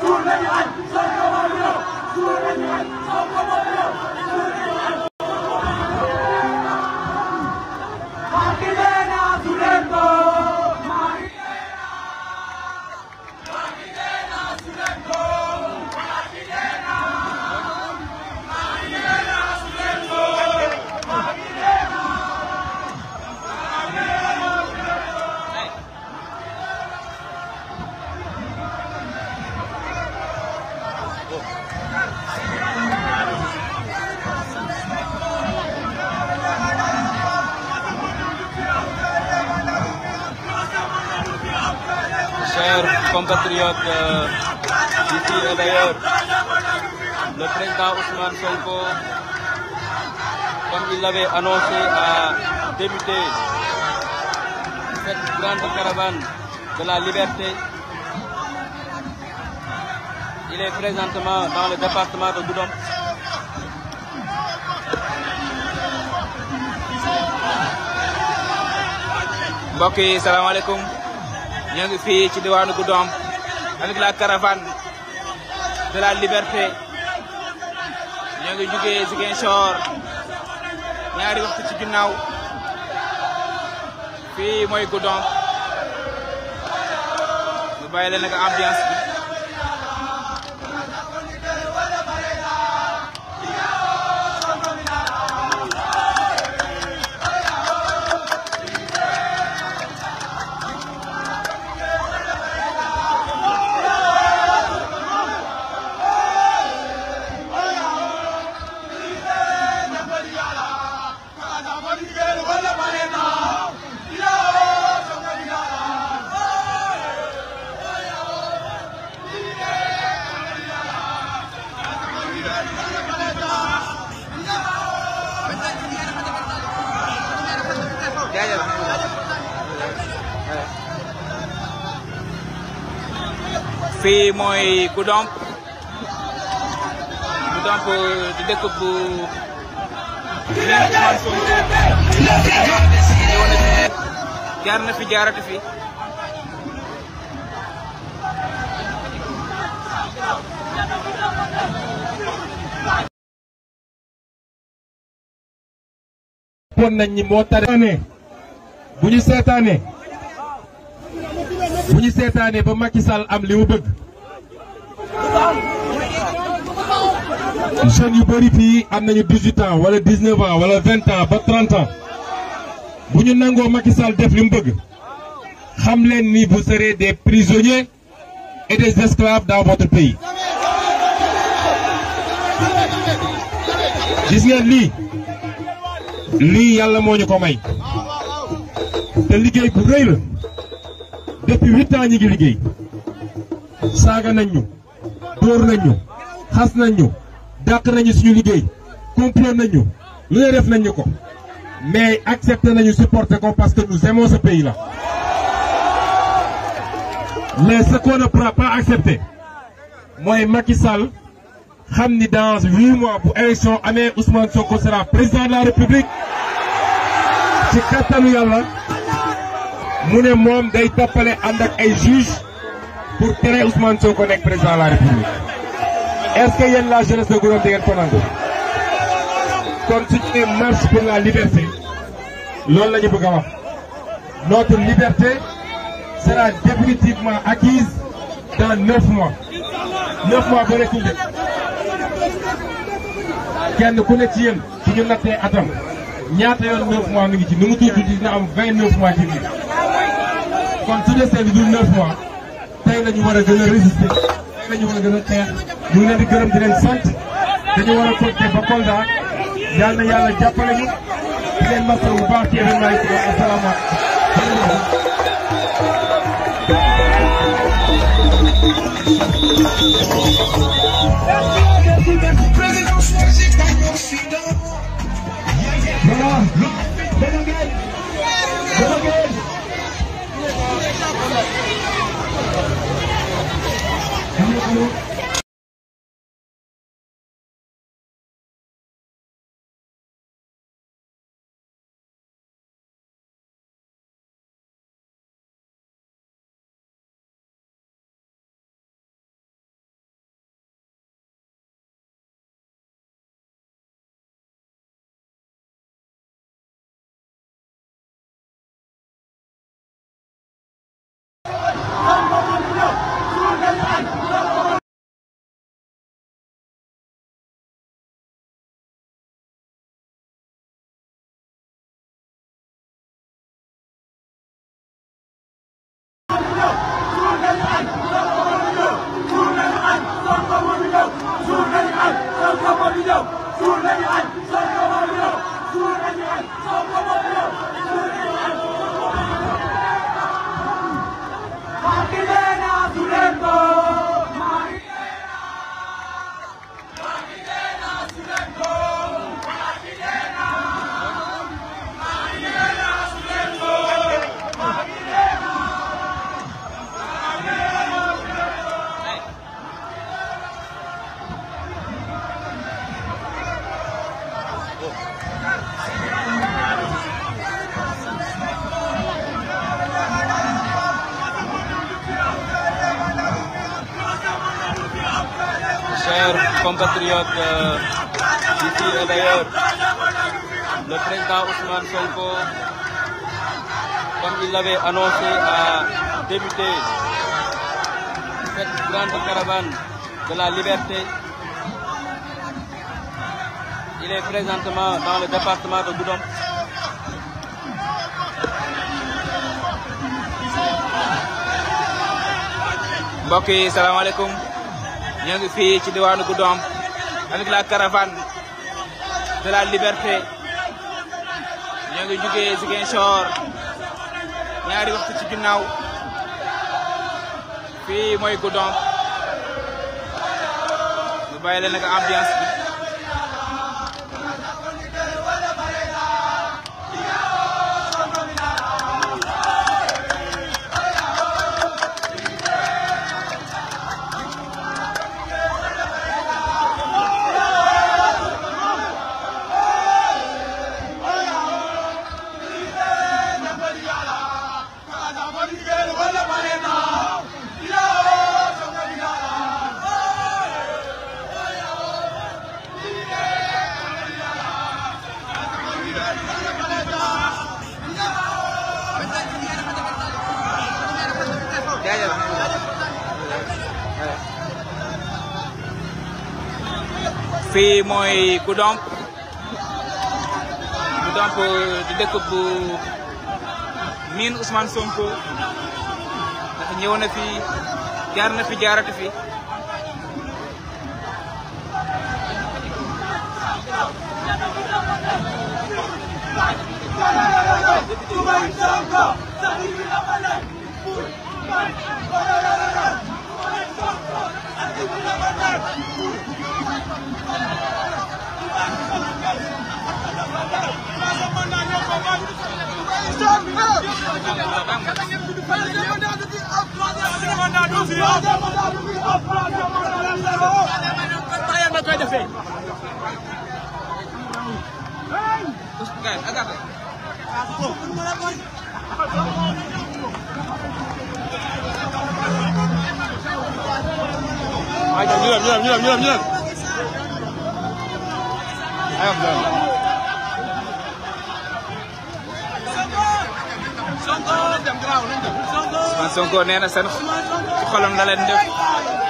Kurban compatriotes euh, et d'ailleurs. Le président Ousmane Sonko, comme il l'avait annoncé, a débuté cette grande caravane de la liberté. Il est présentement dans le département de Goudom. mbokk salam alaikum. ñoo ngi fi ci diwaanu Goudomp avec la caravane de la liberté ñoo ngi jugee Ziguinchor ñaari waxtu ci ginnaaw fii mooy Goudomp ñu bàyyi leen nag ambiance bi. fii mooy Goudomp Goudomp di dëkk bu jaar na fi jaarati fi woon nañ ñi moo tare bu ñu seetaane Vous ñu ba Macky Sall am li mu bëgg jeunes yu bari fii am nañu 18 ans wala 19 ans wala 20 ans ba 30 ans bu ñu nangoo Macky Sall def li mu bëgg xam leen ni vous serez des prisonniers et des esclaves dans votre pays. gis ngeen lii lii yàlla moo ñu ko may te liggéey bu rëy la depuis 8 ans nous avons saga nañu nañu xass nañu dak ko mais accepter nañu supporter parce que nous aimons ce pays là mais ce qu'on ne pourra pas accepter moi Macky Sall dans huit mois pour élection année Ousmane Sonko sera président de la République ci mu mom day topalé ànd ak ay juge pour tere Ousmane Sonko nek président de la République est-ce que yéen la jeunesse de Goudomp di ngeen ko nangu kon suñu ne marche pour la liberté loolu lañu bëgg wax notre liberté sera définitivement acquise dans 9 mois 9 mois ba rek ñu def kenn ku ne ci yéen suñu nattee atam ñaata yoon 9 mois ngi ci nu mu tuuti dina am 29 mois ci kon su desee bi neuf mois Tay la wara gëna résister tey la ñu war a ñu leen di gërëm di leen sant dañu wara a continuer ba Kolda yal yalla yàlla jàppale ñu di leen masawu bu baax ci événement yi ci wàllu asalaamaaleykum. Go! Go! Go! Go! compatriotes eh, le président Ousmane Sonko, comme il l'avait annoncé, a débuté cette grande caravane de la liberté. Il est présentement dans le département de Goudom. mbokk salam alaikum. ñoo ngi fii ci diwaanu Goudomp avec la caravane de la liberté ñoo ngi jugee Ziguinchor ñaari waxtu ci ginnaaw fii mooy Goudomp ñu bàyyi leen nag ambiance fii mooy Goudomp Goudomp di dëkk bu miin Ousmane Sonko ndax ñëw na fi jaar na fi jaaratu fi Ayo, nyelam, nyelam, nyelam, nyelam. Ayo, nyelam. Sonko nee na seen xolam la leen def.